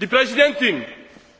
Die Präsidentin!